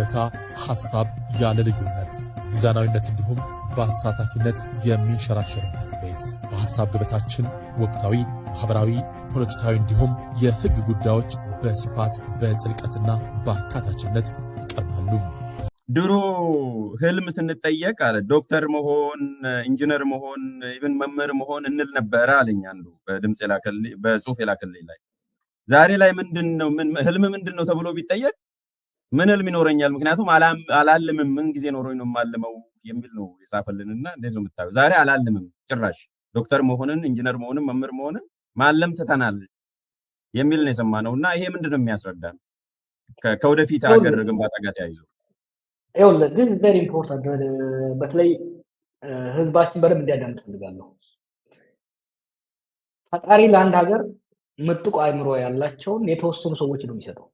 በታ ሐሳብ ያለ ልዩነት ሚዛናዊነት እንዲሁም በአሳታፊነት የሚንሸራሸርበት ቤት በሐሳብ ገበታችን ወቅታዊ፣ ማኅበራዊ፣ ፖለቲካዊ እንዲሁም የሕግ ጉዳዮች በስፋት በጥልቀትና በአካታችነት ይቀርባሉ። ድሮ ህልም ስንጠየቅ አለ ዶክተር መሆን፣ ኢንጂነር መሆን፣ ኢቨን መምህር መሆን እንል ነበረ አለኝ አንዱ በድምፅ በጽሁፍ የላከልኝ ላይ ዛሬ ላይ ምንድን ነው ህልም ምንድን ነው ተብሎ ቢጠየቅ ምን ህልም ይኖረኛል? ምክንያቱም አላልምም፣ ምን ጊዜ ኖሮኝ ነው የማልመው የሚል ነው የጻፈልን እና እንዴት ነው ዛሬ አላልምም ጭራሽ ዶክተር መሆንን ኢንጂነር መሆንን መምህር መሆንን ማለም ትተናል የሚል ነው የሰማ ነው እና ይሄ ምንድን ነው የሚያስረዳን ከወደፊት ሀገር ግንባታ ጋር ተያይዞ ግን ቨሪ ኢምፖርታንት በተለይ ህዝባችን በደንብ እንዲያዳምጥ ፈልጋለሁ። ፈጣሪ ለአንድ ሀገር ምጥቁ አይምሮ ያላቸውን የተወሰኑ ሰዎች ነው የሚሰጠው።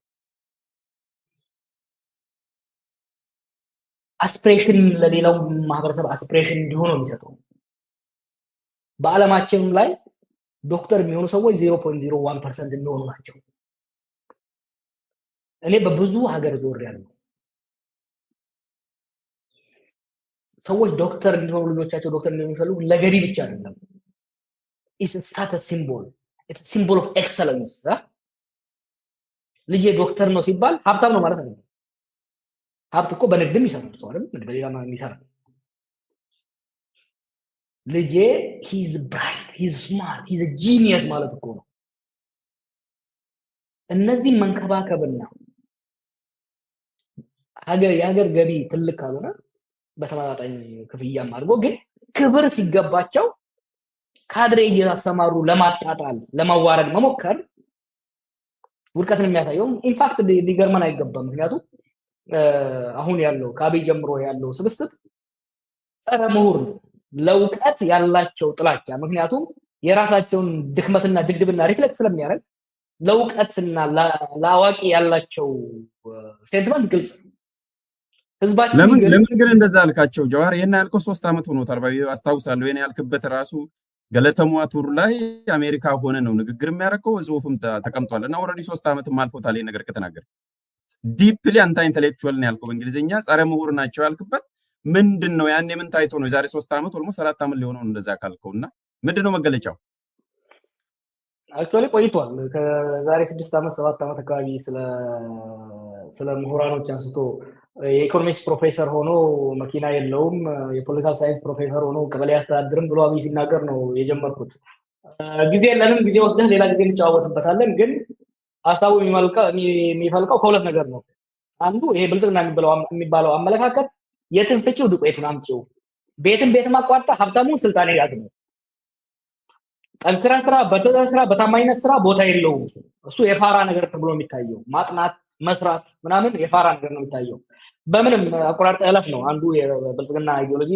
አስፕሬሽን ለሌላው ማህበረሰብ አስፕሬሽን እንዲሆኑ ነው የሚሰጠው። በዓለማችንም ላይ ዶክተር የሚሆኑ ሰዎች ዜሮ ፖንት ዜሮ ዋን ፐርሰንት የሚሆኑ ናቸው። እኔ በብዙ ሀገር ዞር ያሉ ሰዎች ዶክተር እንዲሆኑ ልጆቻቸው ዶክተር እንደሚፈልጉ ለገቢ ብቻ አይደለም። ኢትስ ሲምቦል ሲምቦል ኦፍ ኤክሰለንስ ልጅ ዶክተር ነው ሲባል ሀብታም ነው ማለት ነው። ሀብት እኮ በንግድም ይሰራል ሰው አይደል? በሌላ ይሰራል። ልጄ ሂዝ ብራይት ሂዝ ስማርት ሂዝ ጂኒየስ ማለት እኮ ነው። እነዚህ መንከባከብና ሀገር የሀገር ገቢ ትልቅ ካልሆነ በተመጣጣኝ ክፍያም አድርጎ ግን ክብር ሲገባቸው ካድሬ እያሰማሩ ለማጣጣል ለማዋረድ መሞከር ውድቀትን የሚያሳየውም ኢንፋክት ሊገርመን አይገባም። ምክንያቱም አሁን ያለው ከአብይ ጀምሮ ያለው ስብስብ ጸረ ምሁር ለውቀት ያላቸው ጥላቻ፣ ምክንያቱም የራሳቸውን ድክመትና ድግድብና ሪፍሌክት ስለሚያደርግ ለእውቀትና ለአዋቂ ያላቸው ስቴትመንት ግልጽ ነው። ህዝባችን ለምን ግን እንደዛ አልካቸው? ጀዋር ይህን ያልከው ሶስት ዓመት ሆኖታል አስታውሳለሁ። ይህን ያልክበት ራሱ ገለተሟ ቱር ላይ አሜሪካ ሆነ ነው ንግግር የሚያደርገው ጽሁፍም ተቀምጧል። እና ኦልሬዲ ሶስት ዓመትም አልፎታል ይህ ነገር ከተናገር ዲፕሊ አንታ ኢንቴሌክቹዋል ነው ያልከው በእንግሊዝኛ ጸረ ምሁር ናቸው ያልክበት ምንድን ነው? ያኔ ምን ታይቶ ነው? የዛሬ ሶስት ዓመት ወልሞ አራት ዓመት ሊሆነው እንደዛ ካልከው እና ምንድን ነው መገለጫው? አክቹዋሊ ቆይቷል። ከዛሬ ስድስት ዓመት ሰባት ዓመት አካባቢ ስለ ምሁራኖች አንስቶ የኢኮኖሚክስ ፕሮፌሰር ሆኖ መኪና የለውም፣ የፖለቲካል ሳይንስ ፕሮፌሰር ሆኖ ቀበሌ አስተዳድርም ብሎ አብይ ሲናገር ነው የጀመርኩት። ጊዜ የለንም፣ ጊዜ ወስደህ ሌላ ጊዜ እንጨዋወትበታለን። ግን ሀሳቡ የሚፈልቀው ከሁለት ነገር ነው። አንዱ ይሄ ብልጽግና የሚባለው አመለካከት የትን ፍጪው ዱቄቱን አምጪው፣ ቤትን ቤት አቋርጣ ሀብታሙን ስልጣን ያዝ ነው። ጠንክረህ ስራ፣ በትዕዛዝ ስራ፣ በታማኝነት ስራ ቦታ የለውም። እሱ የፋራ ነገር ተብሎ የሚታየው ማጥናት፣ መስራት ምናምን የፋራ ነገር ነው የሚታየው። በምንም አቆራርጠህ እለፍ ነው አንዱ የብልጽግና ኢዲዮሎጂ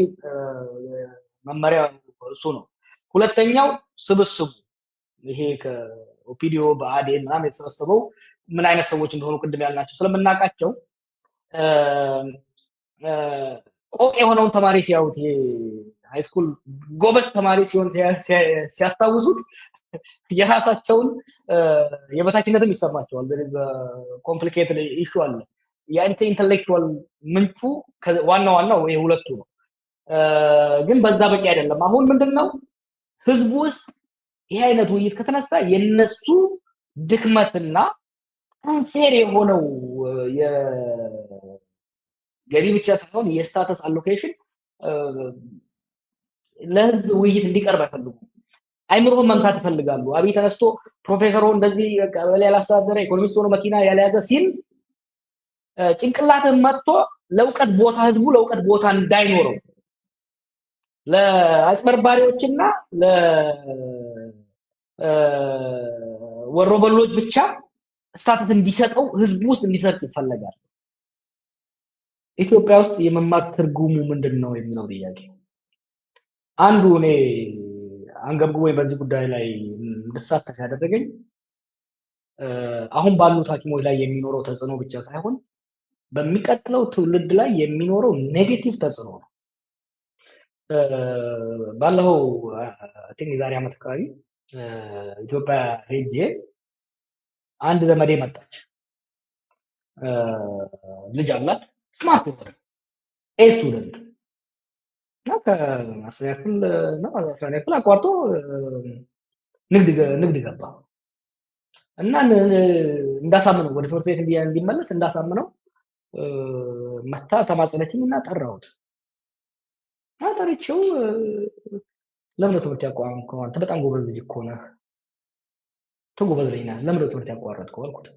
መመሪያ እሱ ነው። ሁለተኛው ስብስቡ ይሄ ኦፒዲዮ በአዴን ምናምን የተሰበሰበው ምን አይነት ሰዎች እንደሆኑ ቅድም ያልናቸው ስለምናውቃቸው ቆቅ የሆነውን ተማሪ ሲያዩት ሃይስኩል ጎበዝ ተማሪ ሲሆን ሲያስታውሱት የራሳቸውን የበታችነትም ይሰማቸዋል። ኮምፕሊኬትድ ኢሹ አለ። የአንተ ኢንተሌክቹዋል ምንጩ ዋና ዋናው ይሄ ሁለቱ ነው። ግን በዛ በቂ አይደለም። አሁን ምንድን ነው ህዝቡ ውስጥ ይሄ አይነት ውይይት ከተነሳ የነሱ ድክመትና አንፌር የሆነው የገቢ ብቻ ሳይሆን የስታተስ አሎኬሽን ለህዝብ ውይይት እንዲቀርብ አይፈልጉም። አይምሮህን መምታት ይፈልጋሉ። አብይ ተነስቶ ፕሮፌሰሩ እንደዚህ ቀበሌ ያላስተዳደረ ኢኮኖሚስት ሆኖ መኪና ያልያዘ ሲል ጭንቅላትን መጥቶ ለእውቀት ቦታ ህዝቡ ለእውቀት ቦታ እንዳይኖረው ለአጭበርባሪዎችና ወሮበሎች ብቻ ስታተስ እንዲሰጠው ህዝቡ ውስጥ እንዲሰርጽ ይፈለጋል። ኢትዮጵያ ውስጥ የመማር ትርጉሙ ምንድን ነው የሚለው ጥያቄ አንዱ እኔ ወይ በዚህ ጉዳይ ላይ እንድሳተፍ ያደረገኝ አሁን ባሉት ሐኪሞች ላይ የሚኖረው ተጽዕኖ ብቻ ሳይሆን በሚቀጥለው ትውልድ ላይ የሚኖረው ኔጌቲቭ ተጽዕኖ ነው። ባለፈው ቲንክ የዛሬ ዓመት አካባቢ ኢትዮጵያ ሄጄ አንድ ዘመዴ መጣች። ልጅ አላት፣ ስማርት የሆነ ኤ ስቱደንት እና ከአስረኛ ክፍል እና አስረኛ ክፍል አቋርጦ ንግድ ገባ እና እንዳሳምነው ወደ ትምህርት ቤት እንዲመለስ እንዳሳምነው መታ ተማጸነችኝ እና ጠራሁት ጠርቼው ለምን ትምህርት ያቋረጥከው? አንተ በጣም ጎበዝ ልጅ እኮ ነህ፣ ትጎበዝ ልጅ ነህ። ለምን ትምህርት ያቋረጥከው አልኩት።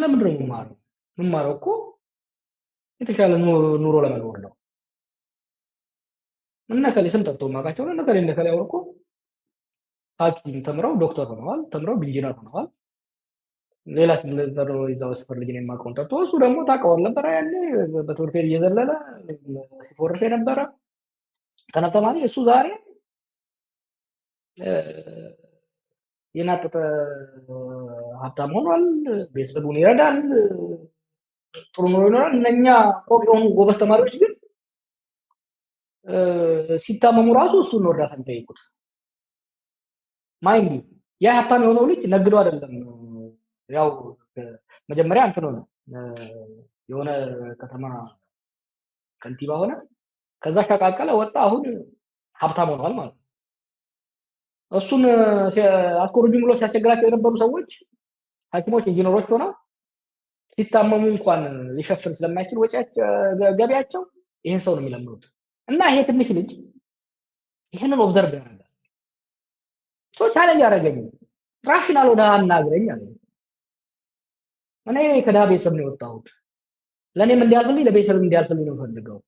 ለምን ነው ማሩ የምማረው እኮ የተሻለ ኑሮ ለመኖር ነው። እና ከሌ ስም ጠርቶ የማውቃቸው ነው። እነ ከሌ እነ ከሌ አውርኮ ሐኪም ተምረው ዶክተር ሆነዋል፣ ተምረው ኢንጂነር ሆነዋል። ሌላ ስምንተሮ ይዛው ስፈር ልጅ ነው የማቀውን ጠርቶ እሱ ደግሞ ታቀዋል ነበረ ያኔ በትምህርት ቤት እየዘለለ ሲፎርሽ የነበረ ተነፍተማኒ እሱ ዛሬ የናጠጠ ሀብታም ሆኗል። ቤተሰቡን ይረዳል፣ ጥሩ ኑሮ ይኖራል። እነኛ ቆቅ የሆኑ ጎበዝ ተማሪዎች ግን ሲታመሙ ራሱ እሱን ነው እርዳታ የሚጠይቁት። ማይንዱ ያ ሀብታም የሆነው ልጅ ነግዶ አይደለም። ያው መጀመሪያ እንትን ሆነ የሆነ ከተማ ከንቲባ ሆነ ከዛ ሸቃቀለ ወጣ። አሁን ሀብታም ሆኗል ማለት ነው። እሱን አስኮርጁም ብሎ ሲያስቸግራቸው የነበሩ ሰዎች ሀኪሞች ኢንጂነሮች ሆነው ሲታመሙ እንኳን ሊሸፍን ስለማይችል ገቢያቸው ይህን ሰው ነው የሚለምኑት። እና ይሄ ትንሽ ልጅ ይህንን ኦብዘርቭ ያደረገ ሶ ቻለንጅ ያደረገኝ ራሽናል ወደ አናግረኝ አለ። እኔ ከድሃ ቤተሰብ ነው የወጣሁት። ለእኔም እንዲያልፍልኝ ለቤተሰብ እንዲያልፍልኝ ነው ፈልገው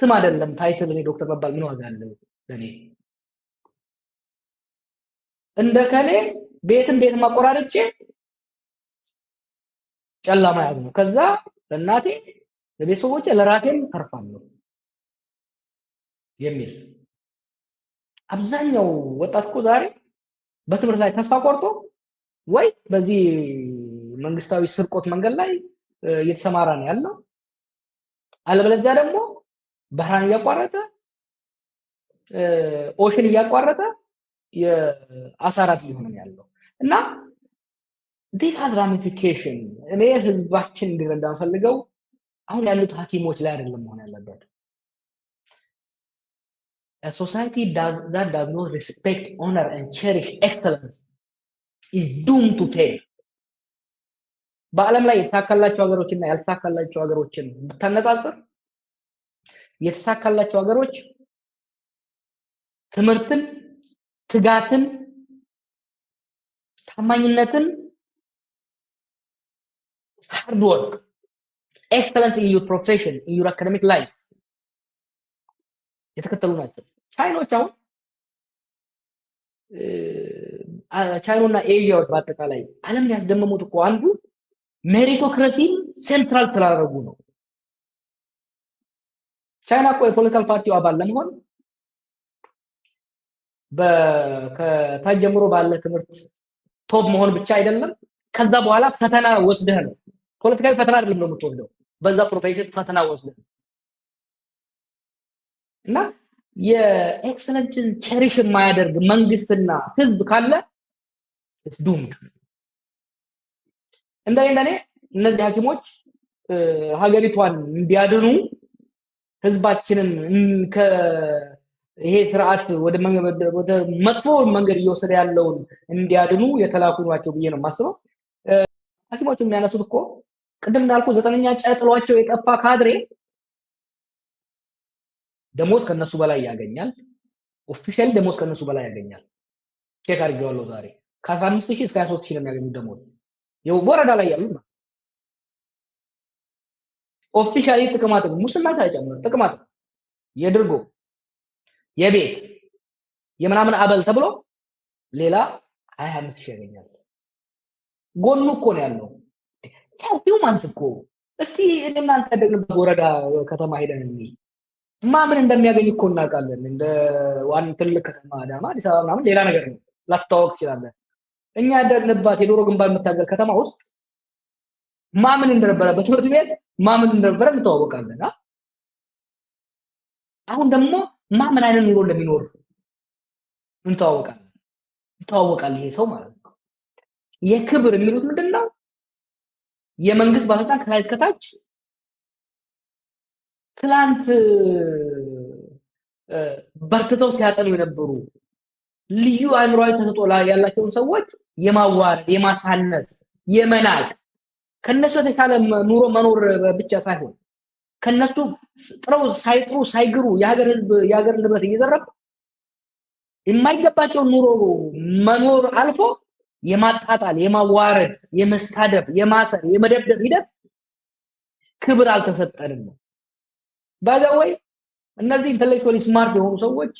ስም አይደለም ታይትል። እኔ ዶክተር መባል ምን ዋጋ አለው ለእኔ? እንደ ከሌ ቤትን ቤት ማቆራረጬ ጨላማ ያዝ ነው። ከዛ ለእናቴ ለቤተሰቦች ለራሴም ተርፋለሁ የሚል አብዛኛው ወጣት እኮ ዛሬ በትምህርት ላይ ተስፋ ቆርጦ ወይ በዚህ መንግስታዊ ስርቆት መንገድ ላይ እየተሰማራ ነው ያለው፣ አለበለዚያ ደግሞ ባህራን እያቋረጠ ኦሽን እያቋረጠ የአሳራት ሊሆን ያለው እና ዲስ ሃዝ ራሚፊኬሽን እኔ ህዝባችን እንዲረዳ የምፈልገው አሁን ያሉት ሀኪሞች ላይ አይደለም መሆን ያለበት ሶሳይቲ society does, ኦነር ን ቸሪሽ respect, honor, ዱም ቱ ቴ በአለም ላይ የተሳካላቸው ሀገሮችና ያልተሳካላቸው ሀገሮችን ብታነጻጽር የተሳካላቸው ሀገሮች ትምህርትን፣ ትጋትን፣ ታማኝነትን፣ ሃርድ ወርክ ኤክሰለንስ ኢን ዩር ፕሮፌሽን ኢን ዩር አካደሚክ ላይፍ የተከተሉ ናቸው። ቻይኖች አሁን ቻይናና ኤዥያዎች በአጠቃላይ ዓለምን ያስደመሙት እኮ አንዱ ሜሪቶክራሲን ሴንትራል ስላደረጉ ነው። ቻይና እኮ የፖለቲካል ፓርቲው አባል ለመሆን ከታች ጀምሮ ባለ ትምህርት ቶፕ መሆን ብቻ አይደለም። ከዛ በኋላ ፈተና ወስደህ ነው። ፖለቲካዊ ፈተና አይደለም ነው የምትወስደው፣ በዛ ፕሮፌሽን ፈተና ወስደህ እና የኤክሰለንስን ቸሪሽ የማያደርግ መንግስትና ህዝብ ካለ ዱምድ። እንደኔ እንደኔ እነዚህ ሀኪሞች ሀገሪቷን እንዲያድኑ ህዝባችንን ይሄ ስርዓት ወደ መጥፎ መንገድ እየወሰደ ያለውን እንዲያድኑ የተላኩ ናቸው ብዬ ነው የማስበው። ሐኪሞቹ የሚያነሱት እኮ ቅድም እንዳልኩ ዘጠነኛ ጨጥሏቸው የጠፋ ካድሬ ደሞዝ ከነሱ በላይ ያገኛል። ኦፊሻል ደሞዝ ከነሱ በላይ ያገኛል። ቼክ አድርጌዋለሁ ዛሬ ከ15 እስከ 23 ነው የሚያገኙት ደሞዝ ወረዳ ላይ ያሉት ኦፊሻሊ ጥቅማት ጥቅም ሙስና ሳይጨምር ጥቅማት የድርጎ የቤት የምናምን አበል ተብሎ ሌላ 25 ሺህ ያገኛል። ጎኑ እኮ ነው ያለው ሰውዩ ማንስ እኮ እስቲ እናንተ ያደግንበት ወረዳ ከተማ ሄደን ማምን እንደሚያገኝ እኮ እናውቃለን። እንደ ዋን ትልቅ ከተማ አዳማ፣ አዲስ አበባ ምናምን ሌላ ነገር ነው ላታወቅ ትችላለን። እኛ ያደግንባት የዶሮ ግንባር የምታገል ከተማ ውስጥ ማምን እንደነበረበት ትምህርት ቤት ማምን እንደነበረ እንተዋወቃለን። አሁን ደግሞ ማምን አይነት ኑሮ እንደሚኖር እንተዋወቃለን። ይተዋወቃል ይሄ ሰው ማለት ነው። የክብር የሚሉት ምንድን ነው? የመንግስት ባለስልጣን ከላይ እስከታች ትላንት በርትተው ሲያጠኑ የነበሩ ልዩ አእምሯዊ ተሰጥኦ ያላቸውን ሰዎች የማዋረድ፣ የማሳነስ፣ የመናቅ ከነሱ የተሻለ ኑሮ መኖር ብቻ ሳይሆን ከነሱ ጥረው ሳይጥሩ ሳይግሩ የሀገር ህዝብ የሀገር ንብረት እየዘረፉ የማይገባቸው ኑሮ መኖር አልፎ የማጣጣል፣ የማዋረድ፣ የመሳደብ፣ የማሰር፣ የመደብደብ ሂደት ክብር አልተሰጠንም ነው። ባዛ ወይ እነዚህ ኢንተሌክቹዋሊ ስማርት የሆኑ ሰዎች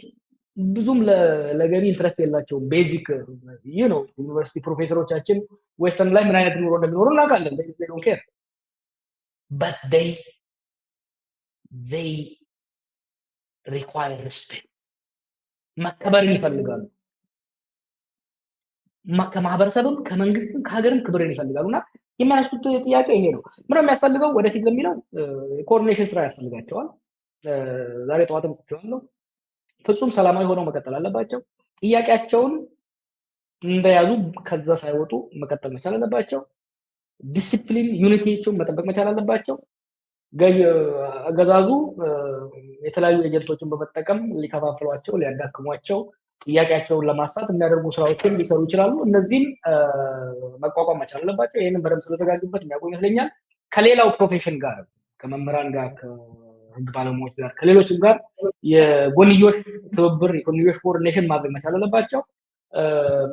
ብዙም ለገቢ ኢንትረስት የላቸውም። ቤዚክ ይህ ነው። ዩኒቨርሲቲ ፕሮፌሰሮቻችን ዌስተርን ላይ ምን አይነት ኑሮ እንደሚኖሩ እናውቃለን። ዶን ኬር ሪስፔክት መከበርን ይፈልጋሉ። ከማህበረሰብም ከመንግስትም ከሀገርም ክብርን ይፈልጋሉ እና የሚያነሱት ጥያቄ ይሄ ነው። ምነው የሚያስፈልገው ወደፊት ለሚለው ኮኦርዲኔሽን ስራ ያስፈልጋቸዋል። ዛሬ ጠዋትም ጽፌዋለሁ። ፍጹም ሰላማዊ ሆነው መቀጠል አለባቸው። ጥያቄያቸውን እንደያዙ ከዛ ሳይወጡ መቀጠል መቻል አለባቸው። ዲስፕሊን ዩኒቲቸውን መጠበቅ መቻል አለባቸው። አገዛዙ የተለያዩ ኤጀንቶችን በመጠቀም ሊከፋፍሏቸው፣ ሊያዳክሟቸው ጥያቄያቸውን ለማሳት የሚያደርጉ ስራዎችን ሊሰሩ ይችላሉ። እነዚህም መቋቋም መቻል አለባቸው። ይህንን በደንብ ስለተዘጋጁበት የሚያውቁ ይመስለኛል። ከሌላው ፕሮፌሽን ጋር ከመምህራን ጋር ህግ ባለሙያዎች ጋር ከሌሎችም ጋር የጎንዮሽ ትብብር የጎንዮሽ ኮኦርዲኔሽን ማድረግ መቻል አለባቸው።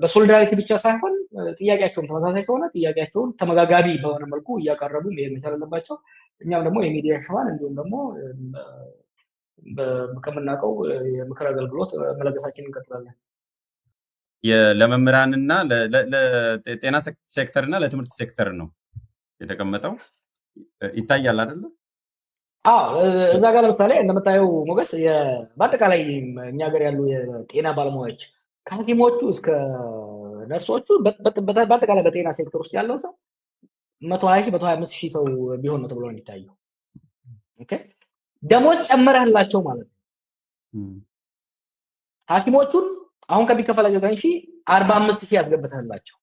በሶሊዳሪቲ ብቻ ሳይሆን ጥያቄያቸውም ተመሳሳይ ስለሆነ ጥያቄያቸውን ተመጋጋቢ በሆነ መልኩ እያቀረቡ መሄድ መቻል አለባቸው። እኛም ደግሞ የሚዲያ ሽፋን እንዲሁም ደግሞ ከምናውቀው የምክር አገልግሎት መለገሳችን እንቀጥላለን። ለመምህራንና ለጤና ሴክተር እና ለትምህርት ሴክተር ነው የተቀመጠው። ይታያል አይደለም? አዎ እዛ ጋር ለምሳሌ እንደምታየው ሞገስ በአጠቃላይ እኛ ሀገር ያሉ የጤና ባለሙያዎች ከሐኪሞቹ እስከ ነርሶቹ በአጠቃላይ በጤና ሴክተር ውስጥ ያለው ሰው መቶ ሀያ ሺህ መቶ ሀያ አምስት ሺህ ሰው ቢሆን ነው ተብሎ የሚታየው። ደሞዝ ጨመረህላቸው ማለት ነው። ሀኪሞቹን አሁን ከሚከፈላቸው ዘጠኝ ሺህ አርባ አምስት ሺህ ያስገብተህላቸው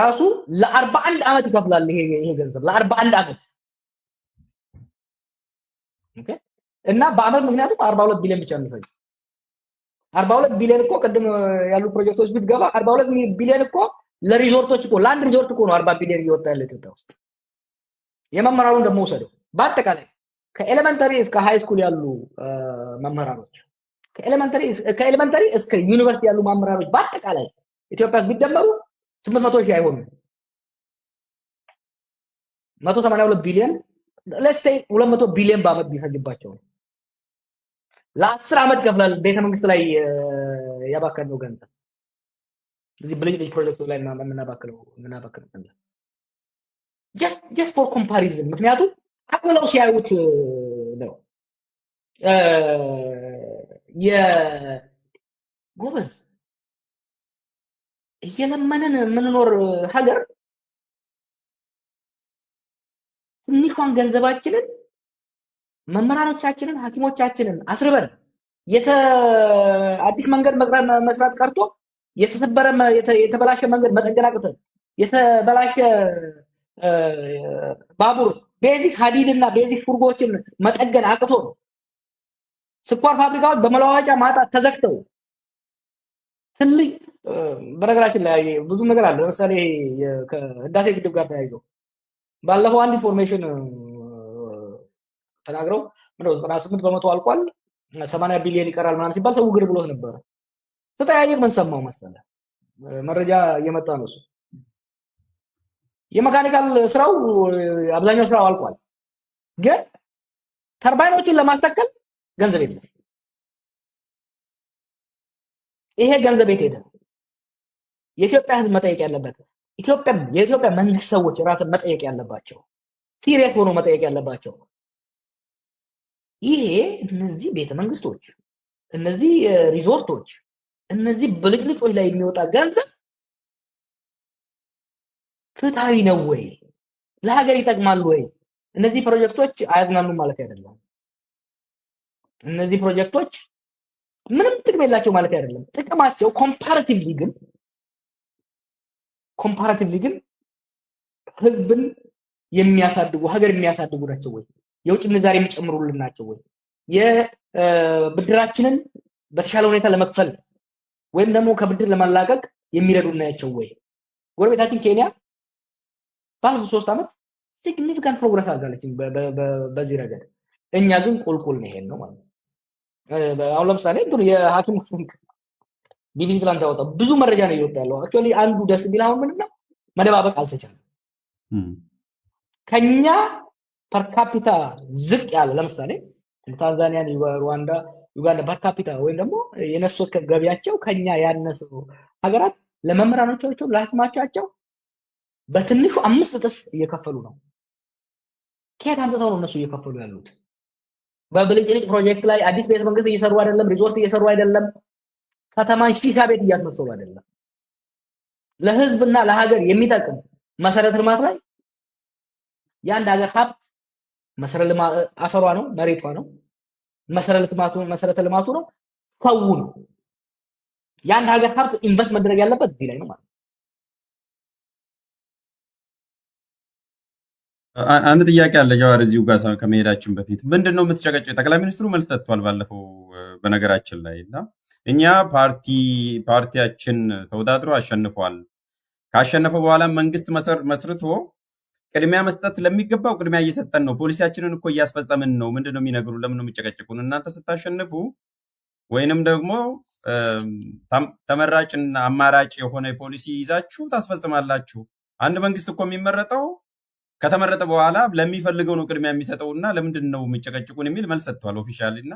ራሱ ለአርባ አንድ ዓመት ይከፍላል ይሄ ገንዘብ ለአርባ አንድ ዓመት እና በአመት ምክንያቱም አርባ ሁለት ቢሊዮን ብቻ የሚፈጅ አርባ ሁለት ቢሊዮን እኮ ቅድም ያሉ ፕሮጀክቶች ብትገባ አርባ ሁለት ቢሊዮን እኮ ለሪዞርቶች እኮ ለአንድ ሪዞርት እኮ ነው አርባ ቢሊዮን እየወጣ ያለ ኢትዮጵያ ውስጥ። የመምህራኑን ደግሞ ውሰደው በአጠቃላይ ከኤሌመንተሪ እስከ ሃይ ስኩል ያሉ መምህራኖች ከኤሌመንተሪ እስከ ዩኒቨርሲቲ ያሉ መምህራኖች በአጠቃላይ ኢትዮጵያ ውስጥ ቢደመሩ ስምንት መቶ ሺህ አይሆኑም። መቶ ሰማንያ ሁለት ቢሊዮን ለስ ሁለት መቶ ቢሊዮን በአመት ቢፈጅባቸው ነው ለአስር ዓመት ከፍላል ቤተ መንግስት ላይ ያባከነው ገንዘብ እዚህ ብልጅ ልጅ ፕሮጀክቱ ላይ የምናባክነው ገንዘብ ጀስት ፎር ኮምፓሪዝን ምክንያቱም አቅምለው ሲያዩት ነው የጎበዝ እየለመንን የምንኖር ሀገር ትንሿን ገንዘባችንን መምህራኖቻችንን፣ ሐኪሞቻችንን አስርበን አዲስ መንገድ መስራት ቀርቶ የተሰበረ የተበላሸ መንገድ መጠገን የተበላሸ ባቡር ቤዚክ ሀዲድ እና ቤዚክ ፉርጎችን መጠገን አቅቶ ስኳር ፋብሪካዎች በመለዋወጫ ማጣት ተዘግተው ትልቅ በነገራችን ላይ ብዙ ነገር አለ። ለምሳሌ ከህዳሴ ግድብ ጋር ተያይዘው ባለፈው አንድ ኢንፎርሜሽን ተናግረው ዘጠና ስምንት በመቶ አልቋል ሰማንያ ቢሊዮን ይቀራል ምናምን ሲባል ሰው ግር ብሎት ነበረ። ተጠያየቅ ምን ሰማው መሰለ መረጃ እየመጣ ነው። እሱ የመካኒካል ስራው አብዛኛው ስራው አልቋል፣ ግን ተርባይኖችን ለማስተከል ገንዘብ የለ ይሄ ገንዘብ የት ሄደ? የኢትዮጵያ ህዝብ መጠየቅ ያለበት ኢትዮጵያ የኢትዮጵያ መንግስት ሰዎች ራስ መጠየቅ ያለባቸው ሲሪየስ ሆኖ መጠየቅ ያለባቸው ይሄ እነዚህ ቤተ መንግስቶች፣ እነዚህ ሪዞርቶች፣ እነዚህ ብልጭልጮች ላይ የሚወጣ ገንዘብ ፍትሃዊ ነው ወይ? ለሀገር ይጠቅማሉ ወይ? እነዚህ ፕሮጀክቶች አያዝናሉ ማለት አይደለም። እነዚህ ፕሮጀክቶች ምንም ጥቅም የላቸው ማለት አይደለም። ጥቅማቸው ኮምፓራቲቭሊ ግን ኮምፓራቲቭሊ ግን ህዝብን የሚያሳድጉ ሀገር የሚያሳድጉ ናቸው ወይ? የውጭ ምንዛሬ የሚጨምሩልን ናቸው ወይ? የብድራችንን በተሻለ ሁኔታ ለመክፈል ወይም ደግሞ ከብድር ለማላቀቅ የሚረዱ ናቸው ወይ? ጎረቤታችን ኬንያ ባለፉት ሶስት ዓመት ሲግኒፊካንት ፕሮግረስ አድርጋለች በዚህ ረገድ። እኛ ግን ቁልቁል ነው ይሄን ነው ማለት ነው። አሁን ለምሳሌ የሀኪሞች ቢቢሲ ትላንት ያወጣው ብዙ መረጃ ነው እየወጣ ያለው። አክቹዋሊ አንዱ ደስ የሚል አሁን ምንድነው መደባበቅ አልተቻለም። ከኛ ፐርካፒታ ዝቅ ያለ ለምሳሌ ታንዛኒያን፣ ሩዋንዳ፣ ዩጋንዳ ፐርካፒታ ወይም ደግሞ የነፍስ ወከፍ ገቢያቸው ከኛ ያነሰው ሀገራት ለመምህራኖቻቸው ለሐኪሞቻቸው በትንሹ አምስት እጥፍ እየከፈሉ ነው። ከየት አምጥተው ነው እነሱ እየከፈሉ ያሉት? በብልጭልጭ ፕሮጀክት ላይ አዲስ ቤተ መንግስት እየሰሩ አይደለም፣ ሪዞርት እየሰሩ አይደለም። ከተማን ሺሻ ቤት እያስመሰሉ አይደለም። ለህዝብና ለሀገር የሚጠቅም መሰረተ ልማት ላይ የአንድ ሀገር ሀብት መሰረተ ልማት አፈሯ ነው፣ መሬቷ ነው፣ መሰረተ ልማቱ መሰረተ ልማቱ ነው፣ ሰው ነው። የአንድ ሀገር ሀብት ኢንቨስት መደረግ ያለበት እዚህ ላይ ነው ማለት ነው። አንድ ጥያቄ አለ ጀዋር፣ እዚሁ ጋር ከመሄዳችን በፊት ምንድን ነው የምትጨቀጭ? ጠቅላይ ሚኒስትሩ መልስ ሰጥቷል ባለፈው በነገራችን ላይ እና እኛ ፓርቲ ፓርቲያችን ተወዳድሮ አሸንፏል። ካሸነፈ በኋላ መንግስት መስርቶ ቅድሚያ መስጠት ለሚገባው ቅድሚያ እየሰጠን ነው። ፖሊሲያችንን እኮ እያስፈጸምን ነው። ምንድን ነው የሚነግሩ? ለምን የሚጨቀጭቁን? እናንተ ስታሸንፉ ወይንም ደግሞ ተመራጭና አማራጭ የሆነ ፖሊሲ ይዛችሁ ታስፈጽማላችሁ። አንድ መንግስት እኮ የሚመረጠው ከተመረጠ በኋላ ለሚፈልገው ነው ቅድሚያ የሚሰጠው እና ለምንድን ነው የሚጨቀጭቁን የሚል መልስ ሰጥቷል ኦፊሻል እና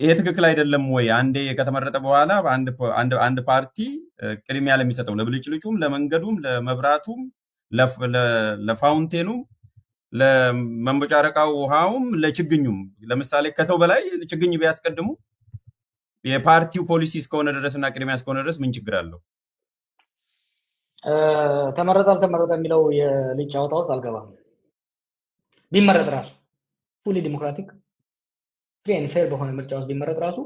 ይሄ ትክክል አይደለም ወይ? አንዴ ከተመረጠ በኋላ አንድ ፓርቲ ቅድሚያ ለሚሰጠው ለብልጭልጩም፣ ለመንገዱም፣ ለመብራቱም፣ ለፋውንቴኑም፣ ለመንበጫረቃው ውሃውም፣ ለችግኙም ለምሳሌ ከሰው በላይ ችግኝ ቢያስቀድሙ የፓርቲው ፖሊሲ እስከሆነ ድረስ እና ቅድሚያ እስከሆነ ድረስ ምን ችግር አለው? ተመረጠ አልተመረጠ የሚለው የልጅ ጨዋታ ውስጥ አልገባም። ቢመረጥ ራሱ ዲሞክራቲክ ግን ፌር በሆነ ምርጫ ውስጥ ቢመረጥ ራሱ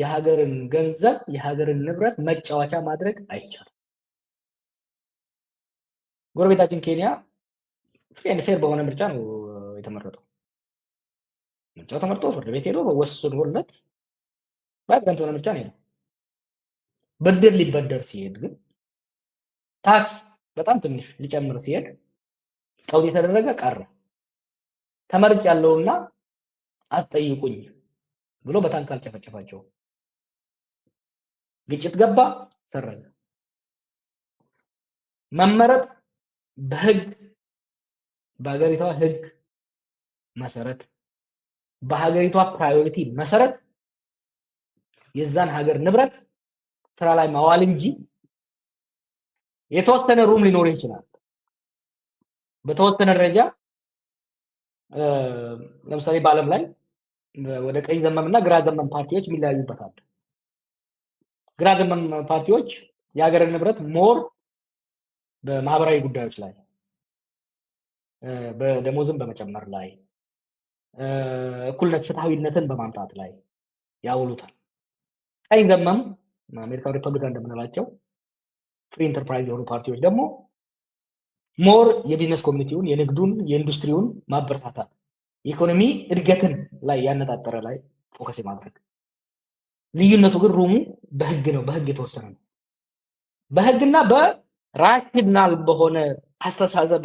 የሀገርን ገንዘብ የሀገርን ንብረት መጫወቻ ማድረግ አይቻልም። ጎረቤታችን ኬንያ ፍሬንድ ፌር በሆነ ምርጫ ነው የተመረጠው። ምርጫው ተመርጦ ፍርድ ቤት ሄዶ ወስኖለት ቫይብረንት ሆነ ምርጫ ነው ሄደው። ብድር ሊበደር ሲሄድ ግን ታክስ በጣም ትንሽ ሊጨምር ሲሄድ ቀውጥ የተደረገ ቀረ። ያለውና አትጠይቁኝ ብሎ በታንክ አልጨፈጨፋቸው። ግጭት ገባ፣ ሰረዘ። መመረጥ በህግ በሀገሪቷ ህግ መሰረት በሀገሪቷ ፕራዮሪቲ መሰረት የዛን ሀገር ንብረት ስራ ላይ ማዋል እንጂ የተወሰነ ሩም ሊኖር ይችላል። በተወሰነ ደረጃ ለምሳሌ በዓለም ላይ ወደ ቀኝ ዘመም እና ግራ ዘመም ፓርቲዎች የሚለያዩበታል። ግራ ዘመም ፓርቲዎች የሀገርን ንብረት ሞር በማህበራዊ ጉዳዮች ላይ በደሞዝን በመጨመር ላይ እኩልነት፣ ፍትሐዊነትን በማምጣት ላይ ያውሉታል። ቀኝ ዘመም አሜሪካ ሪፐብሊካን እንደምንላቸው ፍሪ ኢንተርፕራይዝ የሆኑ ፓርቲዎች ደግሞ ሞር የቢዝነስ ኮሚኒቲውን፣ የንግዱን፣ የኢንዱስትሪውን ማበረታታት የኢኮኖሚ እድገትን ላይ ያነጣጠረ ላይ ፎከስ የማድረግ ልዩነቱ ግን ሩሙ በህግ ነው፣ በህግ የተወሰነ ነው። በህግና በራሽናል በሆነ አስተሳሰብ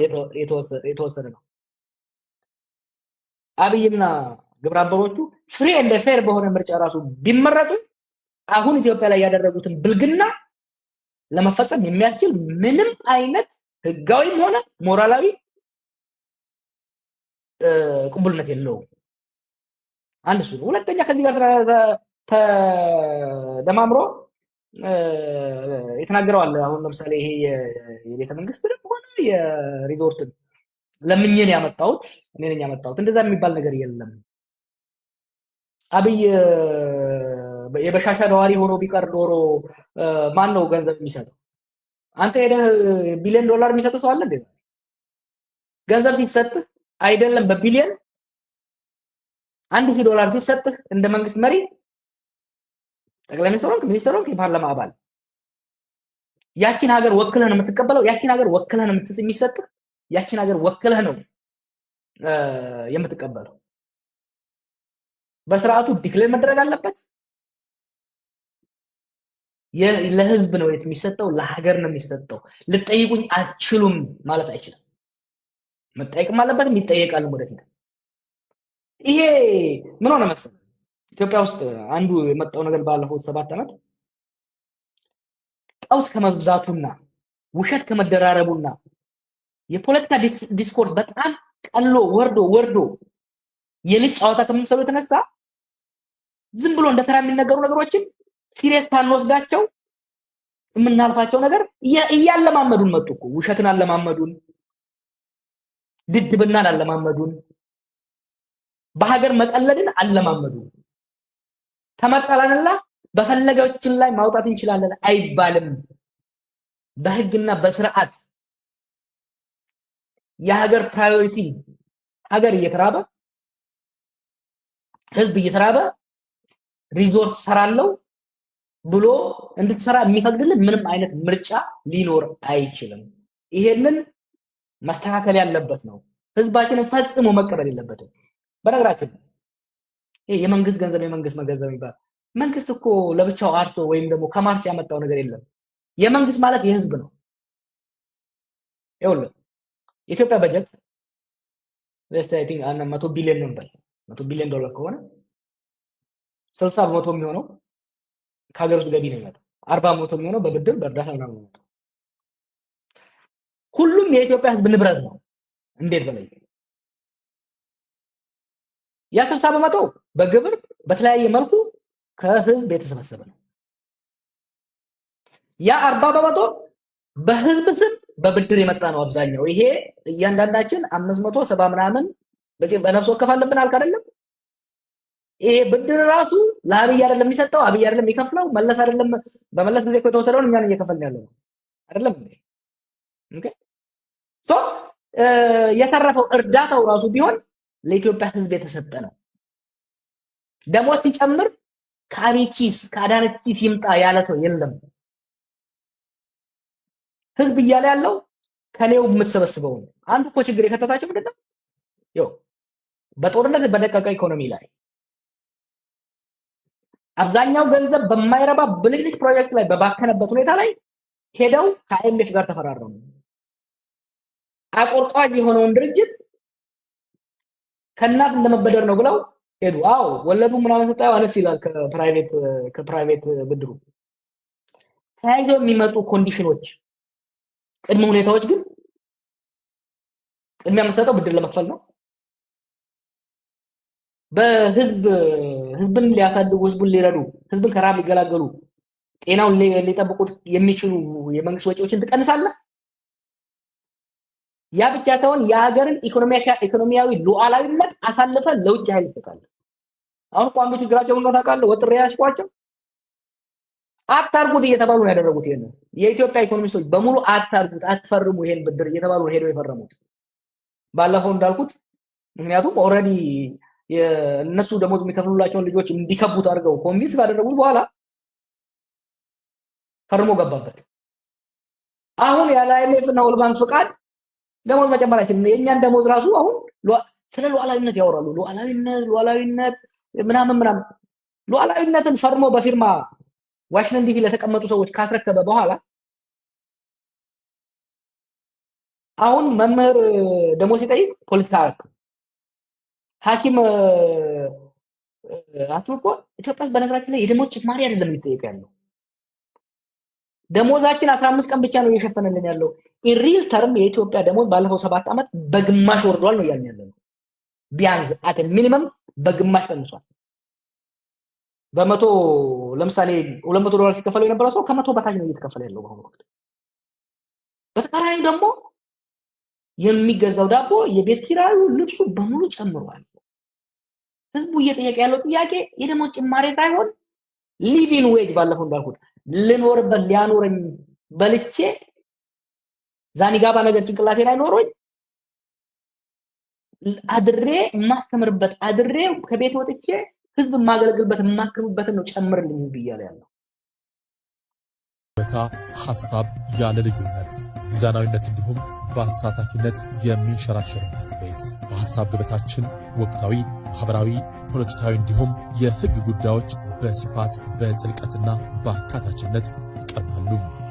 የተወሰነ ነው። አብይና ግብረ ፍሬ ፍሪ እንደ ፌር በሆነ ምርጫ ራሱ ቢመረጡ አሁን ኢትዮጵያ ላይ ያደረጉትን ብልግና ለመፈጸም የሚያስችል ምንም አይነት ህጋዊም ሆነ ሞራላዊ ቅቡልነት የለውም። አንድ እሱ ነው። ሁለተኛ ከዚህ ጋር ተደማምሮ የተናገረዋል። አሁን ለምሳሌ ይሄ የቤተ መንግስትንም ሆነ የሪዞርትን ለምኝን ያመጣሁት እኔ ነኝ ያመጣሁት፣ እንደዛ የሚባል ነገር የለም። አብይ የበሻሻ ነዋሪ ሆኖ ቢቀር ኖሮ ማን ነው ገንዘብ የሚሰጠው? አንተ ሄደህ ቢሊዮን ዶላር የሚሰጥ ሰው አለ? ገንዘብ ሲሰጥህ አይደለም በቢሊየን አንድ ሺህ ዶላር ሲሰጥህ እንደ መንግስት መሪ ጠቅላይ ሚኒስትር ሆንክ፣ ሚኒስትር ሆንክ፣ የፓርላማ አባል ያቺን ሀገር ወክለህ ነው የምትቀበለው። ያቺን ሀገር ወክለህ ነው የሚሰጥህ። ያቺን ሀገር ወክለህ ነው የምትቀበለው። በስርዓቱ ዲክሌር መደረግ አለበት። ለህዝብ ነው የሚሰጠው፣ ለሀገር ነው የሚሰጠው። ልጠይቁኝ አችሉም ማለት አይችልም። መጠየቅም አለበትም ይጠየቃልም ወደፊት። ይሄ ምን ሆነ መስል ኢትዮጵያ ውስጥ አንዱ የመጣው ነገር ባለፈው ሰባት ዓመት ቀውስ ከመብዛቱና ውሸት ከመደራረቡና የፖለቲካ ዲስኮርስ በጣም ቀሎ ወርዶ ወርዶ የልጅ ጨዋታ ከምንሰሉ የተነሳ ዝም ብሎ እንደተራ የሚነገሩ ነገሮችን ሲሪየስ ታንወስዳቸው የምናልፋቸው ነገር እያለማመዱን መጡ እኮ። ውሸትን አለማመዱን፣ ድድብናን አለማመዱን፣ በሀገር መቀለድን አለማመዱን። ተመርጠናልና በፈለጋችን ላይ ማውጣት እንችላለን አይባልም። በህግና በስርዓት የሀገር ፕራዮሪቲ ሀገር እየተራበ ህዝብ እየተራበ ሪዞርት ሰራለው ብሎ እንድትሰራ የሚፈቅድልን ምንም አይነት ምርጫ ሊኖር አይችልም። ይሄንን መስተካከል ያለበት ነው። ህዝባችንን ፈጽሞ መቀበል የለበትም። በነገራችን ይህ የመንግስት ገንዘብ የመንግስት መገንዘብ ይባል መንግስት እኮ ለብቻው አርሶ ወይም ደግሞ ከማርስ ያመጣው ነገር የለም። የመንግስት ማለት የህዝብ ነው። ይኸውልህ የኢትዮጵያ በጀት መቶ ቢሊዮን ነው በል መቶ ቢሊዮን ዶላር ከሆነ ስልሳ በመቶ የሚሆነው ከሀገር ውስጥ ገቢ ነው ይመጣ አርባ በመቶ የሚሆነው በብድር በእርዳታ ነው ይመጣ ሁሉም የኢትዮጵያ ህዝብ ንብረት ነው። እንዴት በላይ ያ ስልሳ በመቶ በግብር በተለያየ መልኩ ከህዝብ የተሰበሰበ ነው። ያ አርባ በመቶ በህዝብ ስም በብድር የመጣ ነው። አብዛኛው ይሄ እያንዳንዳችን አምስት መቶ ሰባ ምናምን በነፍስ ወከፍ አለብን አልክ አይደለም? ይሄ ብድር ራሱ ለአብይ አይደለም የሚሰጠው አብይ አይደለም የሚከፍለው መለስ አይደለም። በመለስ ጊዜ እኮ የተወሰደውን እኛን እየከፈልን ያለው ነው አይደለም? የተረፈው እርዳታው ራሱ ቢሆን ለኢትዮጵያ ሕዝብ የተሰጠ ነው። ደሞዝ ሲጨምር ከአቤ ኪስ ከአዳነች ኪስ ይምጣ ያለ ሰው የለም። ሕዝብ እያለ ያለው ከኔው የምትሰበስበው ነው። አንዱ እኮ ችግር የከተታቸው ምንድነው? ይኸው በጦርነት በደቀቀ ኢኮኖሚ ላይ አብዛኛው ገንዘብ በማይረባ ብልግልግ ፕሮጀክት ላይ በባከነበት ሁኔታ ላይ ሄደው ከአይኤምኤፍ ጋር ተፈራረሙ። አቆርቋጅ የሆነውን ድርጅት ከእናት እንደመበደር ነው ብለው ሄዱ። አዎ ወለዱ ምናምን ስታየው አነስ ይላል ከፕራይቬት ከፕራይቬት ብድሩ። ተያይዘው የሚመጡ ኮንዲሽኖች፣ ቅድመ ሁኔታዎች ግን ቅድሚያ የምንሰጠው ብድር ለመክፈል ነው። በህዝብ ህዝብን ሊያሳድጉ ህዝቡን ሊረዱ ህዝብን ከረሃብ ሊገላገሉ ጤናውን ሊጠብቁት የሚችሉ የመንግስት ወጪዎችን ትቀንሳለህ። ያ ብቻ ሳይሆን የሀገርን ኢኮኖሚያዊ ሉዓላዊነት አሳልፈን ለውጭ ኃይል ትሰጣለህ። አሁን ቋሚ ችግራቸው ነው ታውቃለህ። ወጥሬ ያስቋቸው አታርጉት እየተባሉ ነው ያደረጉት። ይሄን የኢትዮጵያ ኢኮኖሚስቶች በሙሉ አታርጉት፣ አትፈርሙ ይሄን ብድር እየተባሉ ሄደው የፈረሙት ባለፈው እንዳልኩት። ምክንያቱም ኦልሬዲ እነሱ ደሞዝ የሚከፍሉላቸውን ልጆች እንዲከቡት አድርገው ኮንቪንስ ካደረጉት በኋላ ፈርሞ ገባበት። አሁን ያለ አይኤምኤፍ እና ወልድ ባንክ ደሞዝ መጨመራችን የእኛን ደሞዝ ራሱ አሁን ስለ ሉዓላዊነት ያወራሉ። ሉዓላዊነት ሉዓላዊነት ምናምን ምናምን ሉዓላዊነትን ፈርሞ በፊርማ ዋሽንግተን ዲሲ ለተቀመጡ ሰዎች ካስረከበ በኋላ አሁን መምህር ደሞ ሲጠይቅ ፖለቲካ አክ ሀኪም ሐኪም ኢትዮጵያ በነገራችን ላይ የደሞዝ ጭማሪ አይደለም እየተጠየቀ ያለው ደሞዛችን አስራ አምስት ቀን ብቻ ነው እየሸፈነልን ያለው ሪል ተርም የኢትዮጵያ ደሞዝ ባለፈው ሰባት ዓመት በግማሽ ወርዷል ነው እያልን ያለነው። ቢያንስ አት ሚኒመም በግማሽ ቀንሷል። በመቶ ለምሳሌ ሁለት መቶ ዶላር ሲከፈለው የነበረ ሰው ከመቶ በታች ነው እየተከፈለ ያለው በአሁኑ ወቅት። በተቃራኒ ደግሞ የሚገዛው ዳቦ፣ የቤት ኪራዩ፣ ልብሱ በሙሉ ጨምሯል። ህዝቡ እየጠየቀ ያለው ጥያቄ የደሞዝ ጭማሬ ሳይሆን ሊቪን ዌጅ ባለፈው እንዳልኩት ልኖርበት ሊያኖረኝ በልቼ ዛኒጋባ ነገር ጭንቅላቴ ላይ ኖሮኝ አድሬ የማስተምርበት አድሬ ከቤት ወጥቼ ህዝብ የማገለግልበት የማክምበትን ነው ጨምርልኝ ብያለ ያለው በታ ሀሳብ ያለ ልዩነት ሚዛናዊነት እንዲሁም በአሳታፊነት የሚንሸራሸርበት ቤት በሀሳብ ገበታችን ወቅታዊ፣ ማህበራዊ፣ ፖለቲካዊ እንዲሁም የህግ ጉዳዮች በስፋት በጥልቀትና በአካታችነት ይቀርባሉ።